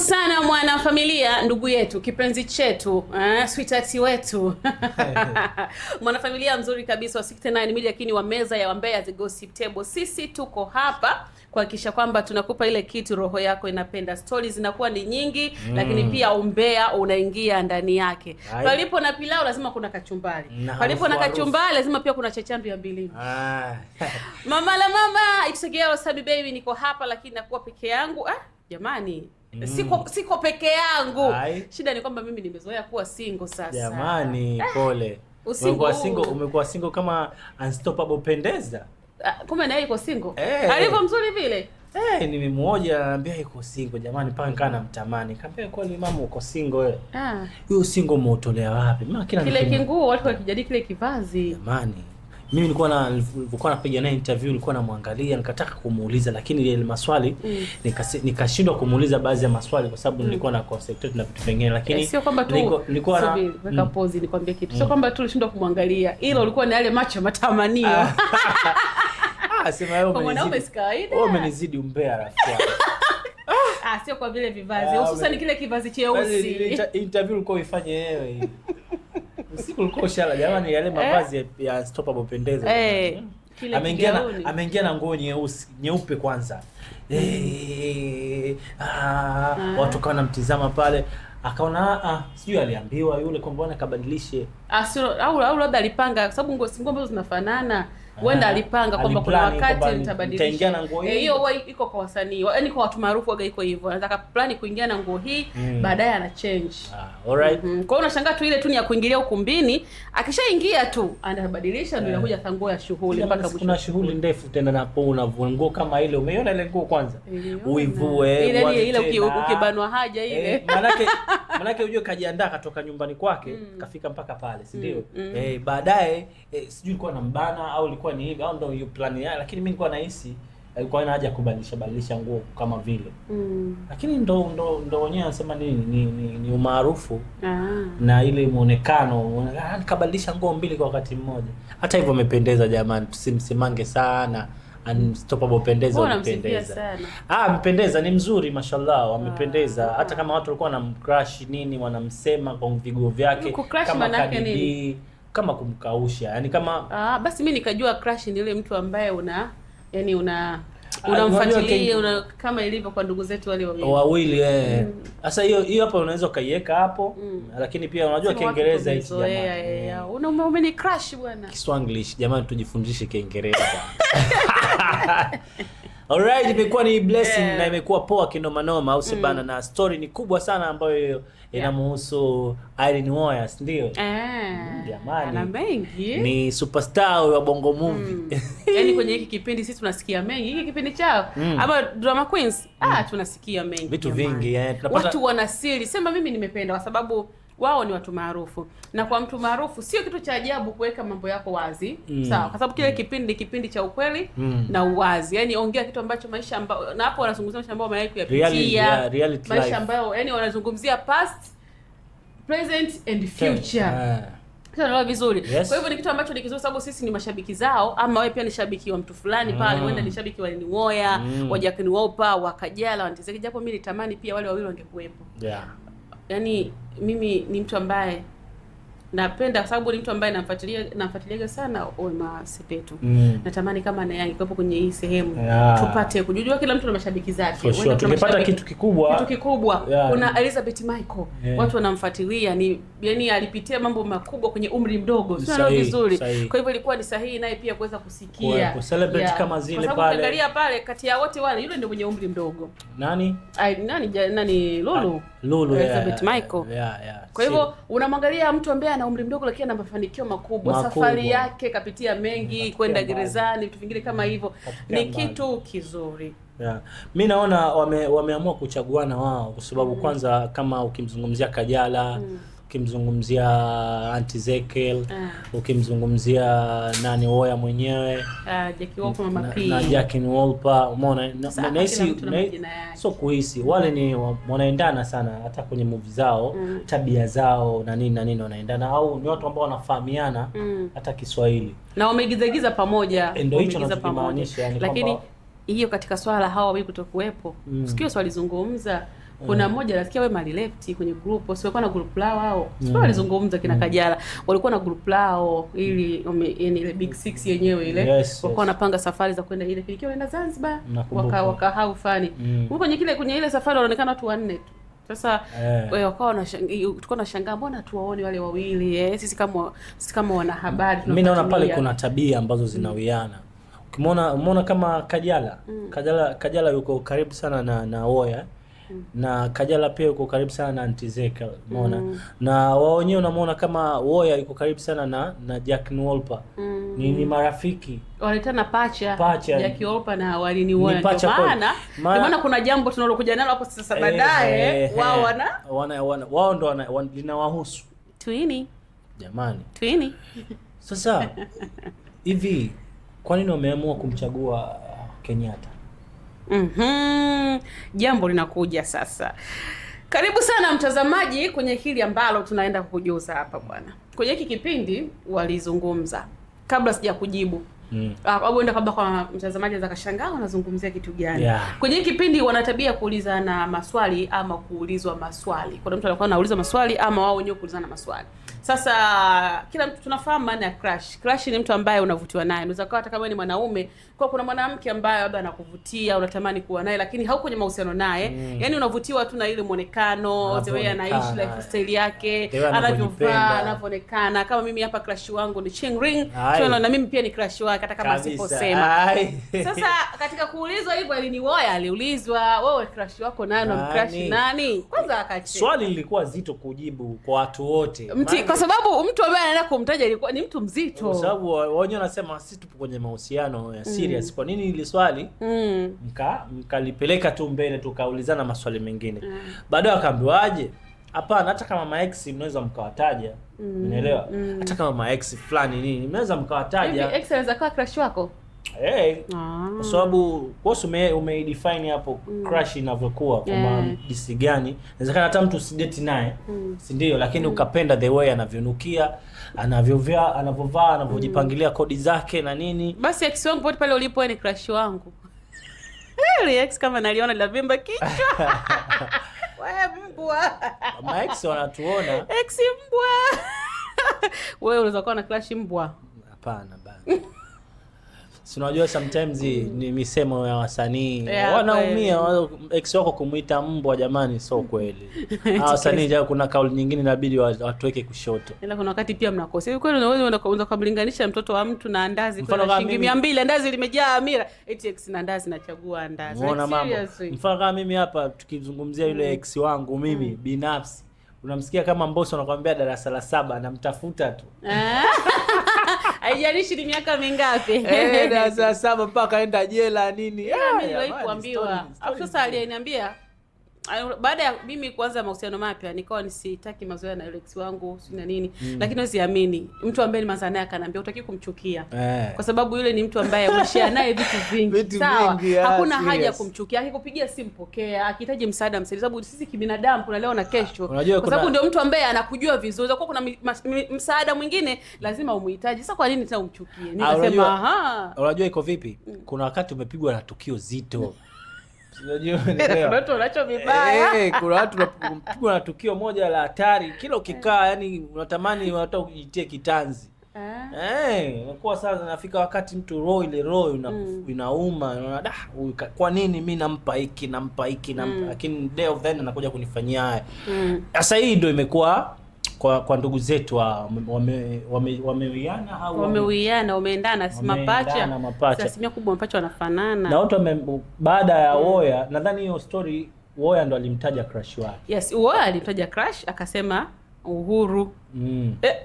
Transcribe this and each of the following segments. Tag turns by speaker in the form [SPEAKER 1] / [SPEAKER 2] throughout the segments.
[SPEAKER 1] sana mwana familia ndugu yetu, kipenzi chetu, eh, sweetheart wetu mwanafamilia mzuri kabisa wa 69 Media, lakini wa meza ya Wambea the Gossip Table. Sisi tuko hapa kuhakikisha kwamba tunakupa ile kitu roho yako inapenda. Stories zinakuwa ni nyingi mm, lakini pia umbea unaingia ndani yake. Palipo na pilau lazima kuna kachumbari, palipo na kachumbari lazima pia kuna chechandu ya mbilini mama la mama, it's a sabi baby, niko hapa lakini nakuwa peke yangu ah, jamani Mm. Siko siko peke yangu. Shida ni kwamba mimi nimezoea kuwa single sasa.
[SPEAKER 2] Jamani, eh, pole. Umekuwa single, umekuwa single kama unstoppable pendeza.
[SPEAKER 1] Ah, kumbe naye yuko single. Hey. Eh. Alivyo mzuri vile.
[SPEAKER 2] Eh, hey, nimemwoja anambia yuko single jamani, paka nikaa namtamani. Kaambia ni mama uko single wewe? Ah. Hiyo single umeotolea wapi?
[SPEAKER 1] Mimi kila kile kinguo walikuwa kijadi kile kivazi.
[SPEAKER 2] Jamani mimi nilikuwa na nilikuwa napiga naye interview, nilikuwa namwangalia nikataka kumuuliza, lakini ile maswali mm. nikashindwa nika kumuuliza baadhi ya maswali kwa sababu mm. nilikuwa na concentrate na vitu vingine, lakini
[SPEAKER 1] sio kwamba tu nilikuwa na weka mm. pause, nikwambie kitu, mm. sio kwamba tu ulishindwa kumwangalia, ila ulikuwa na yale macho matamanio. Ah. ah, sema wewe mwanaume si kawaida,
[SPEAKER 2] wewe umenizidi umbea rafiki yangu.
[SPEAKER 1] Ah, sio kwa vile vivazi, ah, hususan kile kivazi cheusi.
[SPEAKER 2] Yaani interview ulikuwa uifanye wewe Usiku ulikuwa ushala jamani, yale eh? mavazi eh, ya Unstoppable pendeza. Eh, ameingia na ameingia na nguo nyeusi, nyeupe kwanza. Eh, ah, ah. watu kawa namtizama pale. Akaona ah, ah, sijui aliambiwa yule kwamba bwana kabadilishe.
[SPEAKER 1] Ah, sio au au labda alipanga kwa sababu nguo ambazo zinafanana huenda alipanga kwamba kuna wakati nitabadilisha eh, hiyo. Huwa iko kwa wasanii, yaani kwa watu maarufu waga iko hivyo, anataka plani kuingia na nguo hii mm. baadaye ana change ah, alright mm -hmm. Kwa hiyo unashangaa tu ile tu ni ya kuingilia ukumbini, akishaingia tu anabadilisha ndio eh. inakuja yeah. Nguo ya shughuli
[SPEAKER 2] mpaka mwisho. Kuna shughuli ndefu tena, napo unavua nguo kama ile, umeiona ile nguo kwanza uivue
[SPEAKER 1] ile ile, ukibanwa haja eh, ile
[SPEAKER 2] eh, manake manake unajua kajiandaa katoka nyumbani kwake mm. kafika mpaka pale, si ndio? mm. mm. eh, baadaye eh, sijui ilikuwa na au ilikuwa ilikuwa ni hivi au ndio hiyo plan yake, lakini mimi nilikuwa nahisi alikuwa ana haja kubadilisha badilisha nguo kama vile mm. Lakini ndo ndo ndo wenyewe anasema nini ni, ni, ni umaarufu ah. na ile muonekano ah, kabadilisha nguo mbili kwa wakati mmoja. Hata hivyo amependeza jamani, tusimsimange sana unstoppable pendeza
[SPEAKER 1] unapendeza.
[SPEAKER 2] Ah, mpendeza ni mzuri mashallah, amependeza wow. Ah. Hata kama watu walikuwa wanamcrush nini wanamsema kwa viguo vyake kama kadi kama kumkausha yani kama
[SPEAKER 1] ah, basi mi nikajua crush ni yule mtu ambaye una yani una ah, unamfuatilia una, kama ilivyo kwa ndugu zetu wale wawili
[SPEAKER 2] wawili eh. Mm. Sasa hiyo hiyo hapa unaweza ukaiweka hapo mm. Lakini pia unajua Kiingereza hichi jamani, yeah.
[SPEAKER 1] yeah, yeah. Una ni crush bwana.
[SPEAKER 2] Kiswanglish jamani, tujifundishe Kiingereza Alright, yaani, imekuwa ni blessing yeah. Na imekuwa poa kinoma noma au sebana mm. Na story ni kubwa sana ambayo inamhusu yeah. Irene Uwoya ndio eh. mm, jamani ah,
[SPEAKER 1] mm, mengi
[SPEAKER 2] ni superstar wa Bongo mm. Movie mm.
[SPEAKER 1] Yaani kwenye hiki kipindi sisi tunasikia mengi hiki kipindi chao mm. Ama Drama Queens ah, mm. Ah, tunasikia mengi
[SPEAKER 2] vitu vingi eh.
[SPEAKER 1] Tunapata... watu wana siri sema mimi nimependa kwa sababu wao ni watu maarufu, na kwa mtu maarufu sio kitu cha ajabu kuweka mambo yako wazi mm. Sawa, kwa sababu kile mm. kipindi ni kipindi cha ukweli mm. na uwazi, yani ongea kitu ambacho maisha ambayo, na hapo wanazungumzia maisha ambayo wamewahi kuyapitia, maisha ambayo yani wanazungumzia past, present and future yeah. Naelewa vizuri. Yes. Kwa hivyo ni kitu ambacho ni kizuri sababu sisi ni mashabiki zao ama wewe pia ni shabiki wa mtu fulani pale, wenda mm. ni shabiki wa Lenny Moya, mm. wa Jack Wolper, wa Kajala, wa Ntizeki japo mimi nitamani pia wale wawili wangekuwepo. Yeah yani mimi ni mtu ambaye napenda sababu ni mtu ambaye namfuatilia namfuatiliaga sana Wema Sepetu. Mm. Natamani kama naye angekuwa kwenye hii sehemu yeah. Tupate kujua kila mtu na mashabiki zake.
[SPEAKER 2] Sure. Tungepata kitu kikubwa. Kitu
[SPEAKER 1] kikubwa. Yeah. Kuna Elizabeth Michael. Yeah. Watu wanamfuatilia ni yani alipitia mambo makubwa kwenye umri mdogo. Sio na vizuri. Kwa hivyo ilikuwa ni sahihi naye pia kuweza kusikia.
[SPEAKER 2] Ku celebrate yeah. Kama zile pale. sababu
[SPEAKER 1] angalia pale kati ya wote wale yule ndio mwenye umri mdogo. Nani? Ai, nani nani Lulu. Ah, Lulu. Elizabeth yeah. Michael. Yeah, yeah. Kwa hivyo unamwangalia mtu ambaye ana umri mdogo lakini ana mafanikio makubwa. Makubwa, safari yake kapitia mengi, kwenda gerezani, vitu vingine kama hivyo, ni kitu kizuri. Yeah.
[SPEAKER 2] Mi naona wame, wameamua kuchaguana wao kwa sababu mm. Kwanza kama ukimzungumzia Kajala mm ukimzungumzia anti Zekel ah, ukimzungumzia nani Woya mwenyewe ah, Jackie Wolper, na, sio kuhisi wale ni wanaendana sana hata kwenye movie zao mm, tabia zao na nini na nini wanaendana, au ni watu ambao wanafahamiana mm, hata Kiswahili
[SPEAKER 1] na wameigizagiza pamoja, eh,
[SPEAKER 2] ndio hicho ninachomaanisha yani,
[SPEAKER 1] lakini hiyo katika swala hawa wawili kutokuwepo, mm, sikio swalizungumza kuna eh. mmoja nasikia wewe mali left kwenye group, sio siwekuwa na group lao wao. Mm. Sio walizungumza kina mm. Kajala. Walikuwa na group lao ili yani ile big six yenyewe ile. Yes, walikuwa wanapanga safari za kwenda ile kilikiwa naenda Zanzibar waka waka hau fani. Mm. Kwenye kile kwenye ile safari wanaonekana watu wanne tu. Sasa yeah. wakawa na tulikuwa na shangaa mbona tuwaone wale wawili eh? Sisi kama sisi kama wanahabari mimi
[SPEAKER 2] naona pale kuna tabia ambazo mm. zinawiana mm. Ukimwona umeona kama Kajala mm. Kajala Kajala yuko karibu sana na na Oya na Kajala pia yuko karibu sana na Ntizeka umeona mm. na wao wenyewe unamwona kama Woya yuko karibu sana na na Jack Wolper mm. ni, ni marafiki
[SPEAKER 1] wanaitana pacha, pacha Jack Wolper na walini Woya, maana maana kuna jambo tunalokuja nalo hapo sasa eh, baadaye eh, eh, wao wana
[SPEAKER 2] wana, wana wao ndo wana, wana, linawahusu twini jamani twini sasa hivi kwa nini wameamua kumchagua Kenyatta?
[SPEAKER 1] Mm -hmm. Jambo linakuja sasa. Karibu sana mtazamaji kwenye hili ambalo tunaenda kukujuza hapa bwana. Kwenye hiki kipindi walizungumza kabla sija kujibu. Mm. Au ah, uenda kabla kwa mtazamaji za kashangaa wanazungumzia kitu gani? Yeah. Kwenye hiki kipindi wana tabia na maswali ama kuulizwa maswali. Kuna mtu anakuwa anauliza maswali ama wao wenyewe kuulizana maswali. Sasa kila mtu tunafahamu maana ya crush. Crush ni mtu ambaye unavutiwa naye. Unaweza kuwa hata kama ni mwanaume, kwa kuna mwanamke ambaye labda anakuvutia, unatamani kuwa naye lakini hauko kwenye mahusiano naye. Mm. Yani unavutiwa tu na ile muonekano, the way anaishi, lifestyle yake, anavyovaa, anavyoonekana. Kama mimi hapa crush wangu ni Ching Ring, tunaona na mimi pia ni crush wake hata kama siposema. Sasa katika kuulizwa hivyo aliniwoya, aliulizwa, wewe crush wako naye unamcrush nani? Kwanza akacheka.
[SPEAKER 2] Swali lilikuwa zito kujibu kwa watu wote.
[SPEAKER 1] Mtiko kwa sababu mtu ambaye anaenda kumtaja ilikuwa ni mtu mzito, kwa
[SPEAKER 2] sababu wenyewe wanasema sisi tupo kwenye mahusiano ya serious mm. Kwa nini ile swali mm. mkalipeleka mka tu mbele, tukaulizana maswali mengine mm. baadaye wakaambiwaje? Hapana, hata kama ma ex mnaweza mkawataja, mm. unaelewa mm. hata kama ma ex fulani nini mnaweza mkawataja.
[SPEAKER 1] Ex anaweza kuwa crush wako
[SPEAKER 2] Hey, ah. Kwa sababu boss ah. ume, ume define hapo mm. crush inavyokuwa kwa yeah. Kwa jinsi gani inawezekana hata mtu usideti naye mm. si ndio, lakini mm. ukapenda the way anavyonukia, anavyovaa, anavyovaa, anavyojipangilia mm. kodi zake na nini,
[SPEAKER 1] basi ex wangu pote pale ulipo ni crush wangu ex kama naliona lavimba kichwa wewe mbwa
[SPEAKER 2] ma ex wanatuona
[SPEAKER 1] ex mbwa wewe unaweza kuwa na crush mbwa?
[SPEAKER 2] Hapana bana si unajua sometimes mm. ni misemo ya wasanii yeah, wanaumia ex wako kumwita mbwa, jamani, sio kweli. Wasanii ja kuna kauli nyingine inabidi watuweke kushoto,
[SPEAKER 1] ila kuna wakati pia mnakosea kweli. Unaweza kumlinganisha mtoto wa mtu na andazi kwa shilingi 200, andazi limejaa amira, eti ex na andazi, nachagua andazi.
[SPEAKER 2] Unaona mambo, mfano kama mimi hapa tukizungumzia yule mm. ex wangu mimi mm. binafsi unamsikia kama mboso anakuambia darasa la saba, anamtafuta tu eh?
[SPEAKER 1] haijalishi ni miaka mingapi,
[SPEAKER 2] eh, saa saba mpaka aenda jela nini. Mimi
[SPEAKER 1] ah, niliwahi kuambiwa, aliyeniambia baada ya mimi kuanza mahusiano mapya nikawa nisitaki mazoea na Alex wangu si na nini mm. Lakini usiamini mtu ambaye nimeanza naye akanambia utaki kumchukia eh. Kwa sababu yule ni mtu ambaye umeshare naye vitu vingi sawa, hakuna haja ya kumchukia. Akikupigia simu pokea, akihitaji msaada msaidie, sababu sisi kibinadamu kuna leo na kesho, kwa sababu ndio mtu ambaye anakujua vizuri. Kwa kuna msaada mwingine lazima umuhitaji. Sasa kwa nini tena umchukie?
[SPEAKER 2] Nikasema ah, aha, unajua iko vipi? Mm. Kuna wakati umepigwa na tukio zito kuna watu napigwa eh, na tukio moja la hatari, kila ukikaa yani unatamani hata ujitie kitanzi. Eh, eh sasa nafika wakati mtu roho ile roho ina, mm. inauma unaona da kwa nini mi nampa hiki nampa hiki nampa, mm. lakini day of anakuja kunifanyia haya. Mm. Sasa hii ndio imekuwa kwa, kwa ndugu zetu wa wameuiana au
[SPEAKER 1] wameuiana wameendana mapacha mapacha, asilimia kubwa mapacha wanafanana na
[SPEAKER 2] watu wame, baada ya mm. Woya mm. nadhani hiyo story Woya ndo alimtaja crush wake.
[SPEAKER 1] Yes, Woya alimtaja crush akasema Uhuru mm. eh,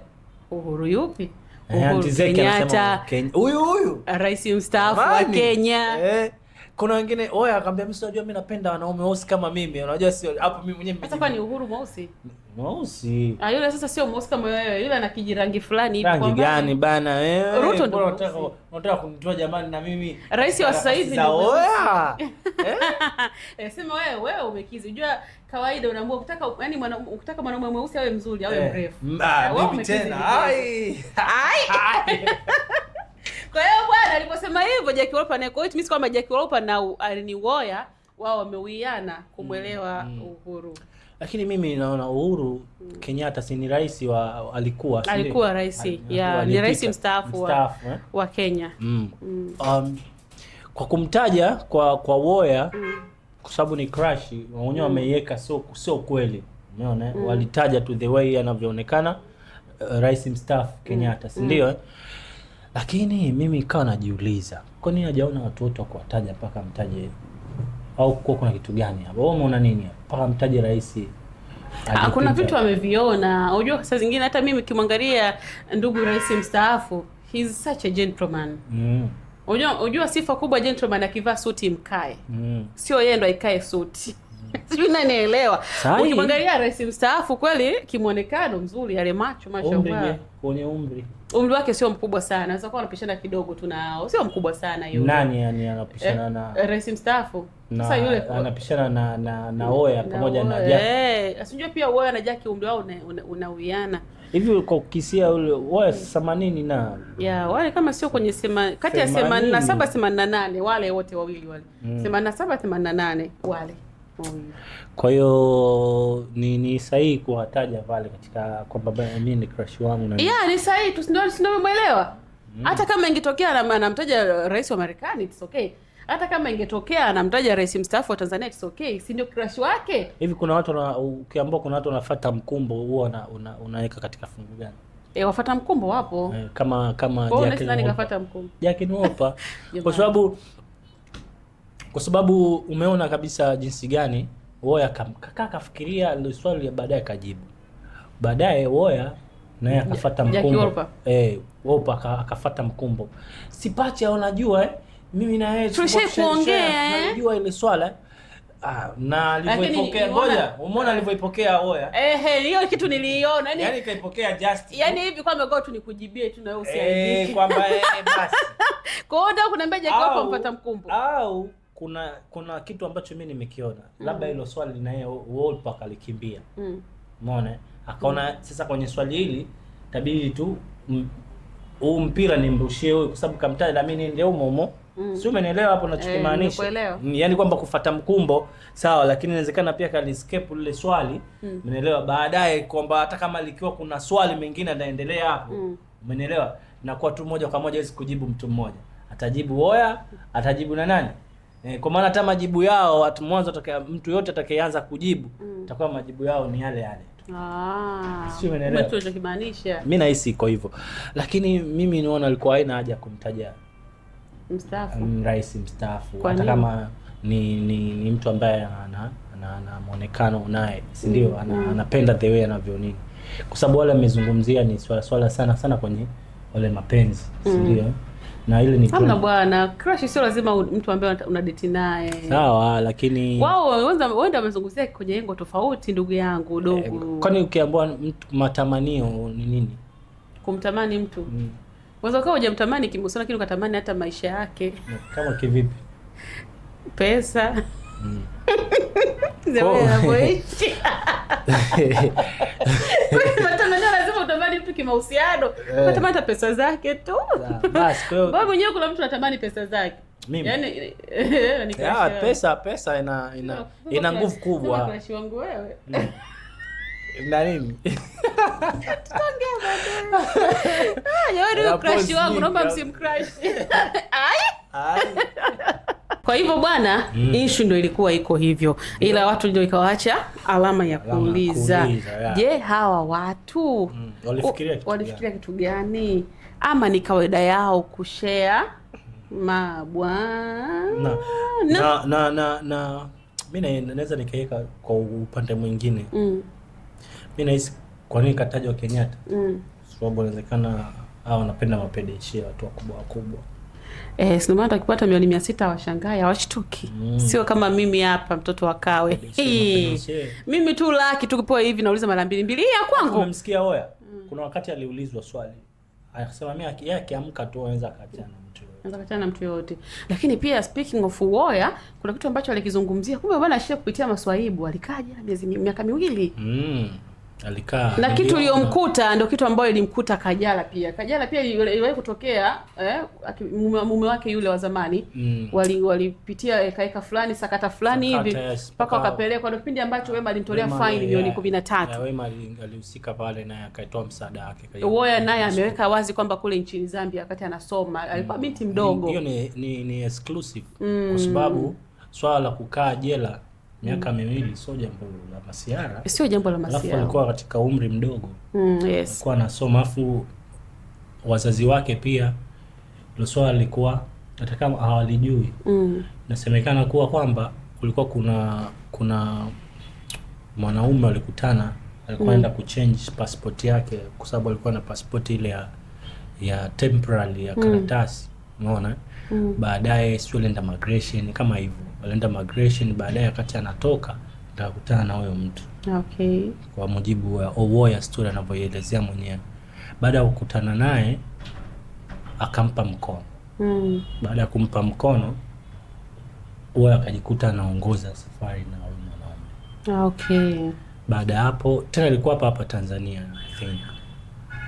[SPEAKER 1] Uhuru yupi? Eh, Uhuru Kenyatta
[SPEAKER 2] huyu huyu
[SPEAKER 1] rais mstaafu wa Kenya eh
[SPEAKER 2] kuna wengine oya akamwambia mimi unajua mimi napenda wanaume weusi kama mimi. Unajua sio hapo mimi mwenyewe mimi.
[SPEAKER 1] Sasa ni Uhuru mweusi.
[SPEAKER 2] Mweusi.
[SPEAKER 1] Ah yule sasa sio mweusi kama wewe. Yule ana kijirangi fulani hivi
[SPEAKER 2] kwamba. Rangi gani bana wewe? Ruto ndio unataka unataka kunitoa jamani na mimi.
[SPEAKER 1] Rais wa sasa hivi
[SPEAKER 2] ni Oya. Eh?
[SPEAKER 1] eh, sema wewe wewe umekizi. Unajua kawaida unaambiwa ukitaka yani mwana ukitaka mwanaume mweusi awe mzuri awe eh, mrefu.
[SPEAKER 2] Mimi eh, tena. Ai.
[SPEAKER 1] Ai. Kwa hiyo bwana aliposema hivyo Jackie Wolper na Eko Hit, mimi kwamba Jackie Wolper na aliniwoya wao wameuiana kumwelewa mm, mm. Uhuru
[SPEAKER 2] lakini mimi naona Uhuru mm. Kenyatta si ni rais wa alikuwa si
[SPEAKER 1] alikuwa rais ya ni rais mstaafu wa, eh? wa Kenya mm.
[SPEAKER 2] Mm. Um, kwa kumtaja kwa kwa Woya mm. kwa sababu ni crush wenyewe mm. wameiweka sio sio kweli umeona mm. walitaja tu the way anavyoonekana uh, rais mstaafu Kenyatta si mm. ndio mm. eh? Lakini mimi ikawa najiuliza kwa nini hajaona watu wote wa mpaka mtaje, au kuwa kuna kitu gani hapo? Wewe umeona nini mpaka mtaje rais?
[SPEAKER 1] Kuna vitu ameviona. Unajua, saa zingine hata mimi kimwangalia ndugu rais mstaafu, he is such a gentleman. Mm. Unajua, unajua sifa kubwa gentleman akivaa suti mkae. Mm. Sio yeye ndo aikae suti. Sijui nanielewa. Ukimwangalia rais mstaafu kweli kimwonekano mzuri, yale macho mashamba.
[SPEAKER 2] Kwenye umri.
[SPEAKER 1] Umri wake sio mkubwa sana. Anaweza kuwa anapishana kidogo tu nao. Sio mkubwa sana yule.
[SPEAKER 2] Nani yani anapishana eh, na
[SPEAKER 1] eh, rais mstaafu?
[SPEAKER 2] Sasa yule anapishana na na na Oya pamoja na
[SPEAKER 1] Jackie. Eh, asijue pia Oya na Jackie umri wao unawiana.
[SPEAKER 2] Hivi kwa ukisia yule Oya 80 hmm. na
[SPEAKER 1] ya wale kama sio kwenye sema kati ya 87 88 wale wote wawili wale. 87 hmm. 88 wale.
[SPEAKER 2] Kwa hiyo ni, ni sahihi kuwataja pale katika kwamba mimi ni crush wangu na
[SPEAKER 1] yeah, ni sahihi tu, ndio tunamuelewa mm. Hata kama ingetokea anamtaja rais wa Marekani it's okay, hata kama ingetokea anamtaja rais mstaafu wa Tanzania it's okay, si ndio crush wake?
[SPEAKER 2] Hivi kuna watu ukiambua, kuna watu wanafuata mkumbo huo, una, una unaweka katika fungu gani?
[SPEAKER 1] E, eh, wafata mkumbo wapo e,
[SPEAKER 2] kama kama
[SPEAKER 1] Jackline kafuata mkumbo
[SPEAKER 2] Jackline Wolper kwa sababu kwa sababu umeona kabisa jinsi gani Woya kakaa kafikiria swali ya baadaye, kajibu baadaye Woya naye akafuata mkumbo eh, Wolper akafuata mkumbo. Sipati Sipache unajua eh, mimi na yeye
[SPEAKER 1] tulishai eh?
[SPEAKER 2] Najua ile swala eh. Ah, na alivyoipokea ngoja, umeona alivyoipokea Woya?
[SPEAKER 1] Ehe, hiyo kitu niliiona. Yaani
[SPEAKER 2] yani kaipokea just.
[SPEAKER 1] Yaani hivi kwa mgao tu nikujibie tu na wewe usiandike. Eh,
[SPEAKER 2] kwamba eh basi.
[SPEAKER 1] Kwa hiyo ndio kuna mbeje kwa mpata mkumbo.
[SPEAKER 2] Au kuna kuna kitu ambacho mi nimekiona mm. labda hilo swali naye Wolper alikimbia mm. Umeona, akaona mm. sasa kwenye swali hili tabidi tu huu mpira nimrushie huyu kwa sababu kamtaja na mimi nende humo humo mm. sio, umenielewa hapo nachokimaanisha eh, e, mm, yaani kwamba kufata mkumbo sawa, lakini inawezekana pia kali escape lile swali mm. umenielewa mm. baadaye kwamba hata kama likiwa kuna swali mengine ataendelea hapo mm. umenielewa mm. na kwa tu moja kwa moja hizi kujibu mtu mmoja atajibu Oya, atajibu na nani Eh, kwa maana hata majibu yao watu mwanzo atakaye mtu yote atakayeanza kujibu atakuwa mm. majibu yao ni yale yale.
[SPEAKER 1] Ah.
[SPEAKER 2] Sio umeelewa? Mimi nahisi iko hivyo. Lakini mimi niona alikuwa haina haja kumtaja mstaafu. Um, rais mstaafu hata kama ni, ni, ni mtu ambaye ana ana, ana muonekano naye, si ndio? Mm. Ana, mm. anapenda the way anavyo nini. Kwa sababu wale amezungumzia ni swala swala sana sana kwenye wale mapenzi mm. na ile ni
[SPEAKER 1] hamna bwana, crush sio lazima mtu ambaye unadate naye
[SPEAKER 2] sawa, lakini
[SPEAKER 1] wao wenda wamezungumzia kwenye engo tofauti, ndugu yangu dogo. E,
[SPEAKER 2] kwani ukiambiwa mtu matamanio ni nini?
[SPEAKER 1] Kumtamani mtu mm. Unaweza ukawa hujamtamani kimgusana, lakini ukatamani hata maisha yake. Eh,
[SPEAKER 2] kama kivipi?
[SPEAKER 1] Pesa mm. tu kimahusiano yeah. Natamani hata pesa zake tu basi. Kwa hiyo mwenyewe kuna mtu anatamani pesa zake
[SPEAKER 2] mimi yani, eh, ya, pesa pesa ina ina, ina nguvu kubwa
[SPEAKER 1] wangu wewe mm.
[SPEAKER 2] na nini tutaongea
[SPEAKER 1] baadaye. Ah, crush wangu naomba msimcrush. Kwa hivyo bwana, mm. ishu ndo ilikuwa iko hivyo, ila watu ndio ikawaacha alama ya kuuliza, je, hawa watu mm. walifikiria kitu, gani? Ama ni kawaida yao kushea mabwana
[SPEAKER 2] na na na, na, na mi naweza nikaweka kwa upande mwingine mm. mi nahisi kwa nini wa Kenyatta mm. sababu inawezekana a wanapenda mapedeshia watu wakubwa wakubwa
[SPEAKER 1] Eh, si ndio maana tukipata milioni mia sita washangaa hawashtuki. Mm. Sio kama mimi hapa mtoto wa Kawe. Mimi tu laki tu tukipewa hivi nauliza mara mbili mbili. Hii ya kwangu.
[SPEAKER 2] Unamsikia Hoya? Mm. Kuna wakati aliulizwa swali. Akasema mimi yeye akiamka tu anaweza kaachana mtu.
[SPEAKER 1] yote. Anaweza kaachana mtu yote. Lakini pia speaking of Hoya, kuna kitu ambacho alikizungumzia. Kumbe bwana ashia kupitia maswaibu alikaja miezi miaka miwili. Mm alikaa na kitu iliyomkuta ndio kitu ambayo ilimkuta Kajala pia. Kajala pia iliwahi kutokea eh, mume wake yule wa zamani mm. walipitia wali ekaeka fulani sakata fulani hivi mpaka wakapelekwa, ndio kipindi ambacho Wema alimtolea faini milioni 13. na
[SPEAKER 2] Wema alihusika pale naye akaitoa msaada wake.
[SPEAKER 1] Uoya naye ameweka wazi kwamba kule nchini Zambia wakati anasoma alikuwa mm. binti mdogo. Hiyo
[SPEAKER 2] ni, ni, ni exclusive mm. kwa sababu swala la kukaa jela miaka mm. miwili sio jambo la masiara,
[SPEAKER 1] sio jambo la masiara. Alafu
[SPEAKER 2] alikuwa katika umri mdogo mm, yes. alikuwa anasoma, afu wazazi wake pia ndio swala alikuwa hata kama hawalijui mm. nasemekana kuwa kwamba kulikuwa kuna kuna mwanaume walikutana alikuwa enda mm. kuchange passport yake kwa sababu alikuwa na passport ile ya ya temporary ya mm. karatasi mm unaona mm. Baadaye sio lenda migration kama hivyo, alienda migration baadaye, wakati anatoka nitakutana na huyo mtu okay. Kwa mujibu wa Owoya story anavyoelezea mwenyewe, baada ya kukutana naye akampa mkono mm. Baada ya kumpa mkono Owoya akajikuta anaongoza safari na huyo
[SPEAKER 1] mwanaume okay.
[SPEAKER 2] Baada ya hapo tena alikuwa hapa hapa Tanzania I think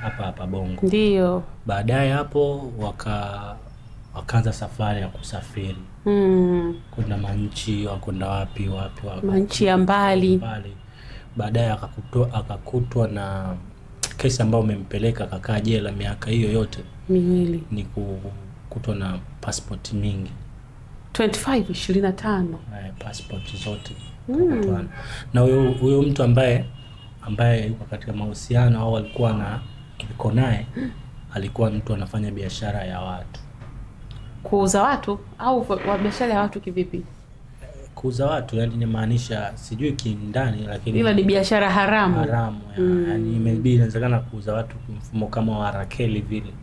[SPEAKER 2] hapa hapa Bongo ndio. Baadaye hapo waka wakaanza safari ya kusafiri mm. kwenda manchi wakwenda wapi wapi wapi
[SPEAKER 1] manchi ya mbali
[SPEAKER 2] mbali. Baadaye akakutwa akakutwa na kesi ambayo umempeleka akakaa jela miaka hiyo yote miwili, ni kukutwa na passport mingi
[SPEAKER 1] 25 25,
[SPEAKER 2] passport zote mm. na huyo huyo mtu ambaye ambaye yuko katika mahusiano au alikuwa na iko naye, hmm. alikuwa mtu anafanya biashara ya watu
[SPEAKER 1] kuuza watu au wa biashara ya watu kivipi?
[SPEAKER 2] Kuuza watu yani inamaanisha sijui kindani, lakini
[SPEAKER 1] ila ni biashara haramu,
[SPEAKER 2] haramu ya, mm. Yani maybe inawezekana kuuza watu mfumo kama wa Rakeli vile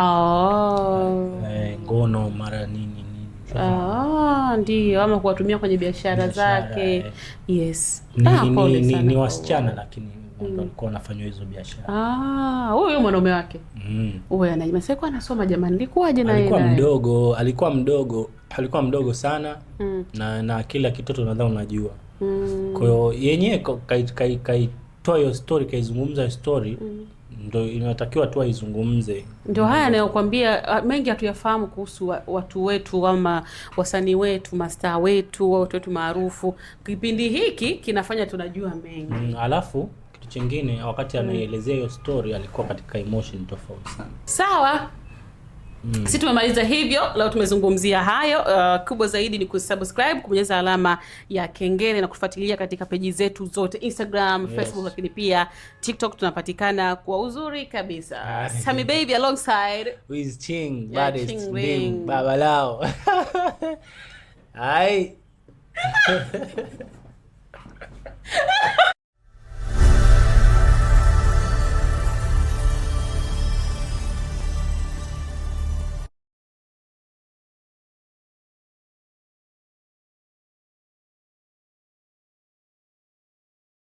[SPEAKER 1] oh.
[SPEAKER 2] E, ngono mara nini
[SPEAKER 1] Ah, ndio ama kuwatumia kwenye biashara zake eh. Yes.
[SPEAKER 2] Ni, ah, ni, ni, ni wasichana lakini mm. alikuwa anafanywa hizo biashara.
[SPEAKER 1] Ah, huyo mwanaume wake mm. uwe anajimaseka anasoma jamani, likuwaje naye? Alikuwa
[SPEAKER 2] mdogo, alikuwa mdogo, alikuwa mdogo sana mm. na na kila kitoto nadhani unajua mm. kwa hiyo yenyewe kaitoa kai, hiyo story kaizungumza story mm. Ndo inatakiwa tu aizungumze.
[SPEAKER 1] Ndio haya anayokwambia, ah, mengi hatuyafahamu kuhusu watu wetu ama wasanii wetu, mastaa wetu, watu wetu maarufu. Kipindi hiki kinafanya tunajua mengi mm,
[SPEAKER 2] alafu chingine wakati mm. anaielezea hiyo story alikuwa katika emotion tofauti sana.
[SPEAKER 1] Sawa. Mm. Sisi tumemaliza hivyo, leo tumezungumzia hayo. Uh, kubwa zaidi ni kusubscribe, kubonyeza alama ya kengele na kufuatilia katika peji zetu zote Instagram, yes, Facebook lakini pia TikTok tunapatikana kwa uzuri kabisa. Ah, Sami baby alongside
[SPEAKER 2] with Ching, baddest name baba lao. Hai.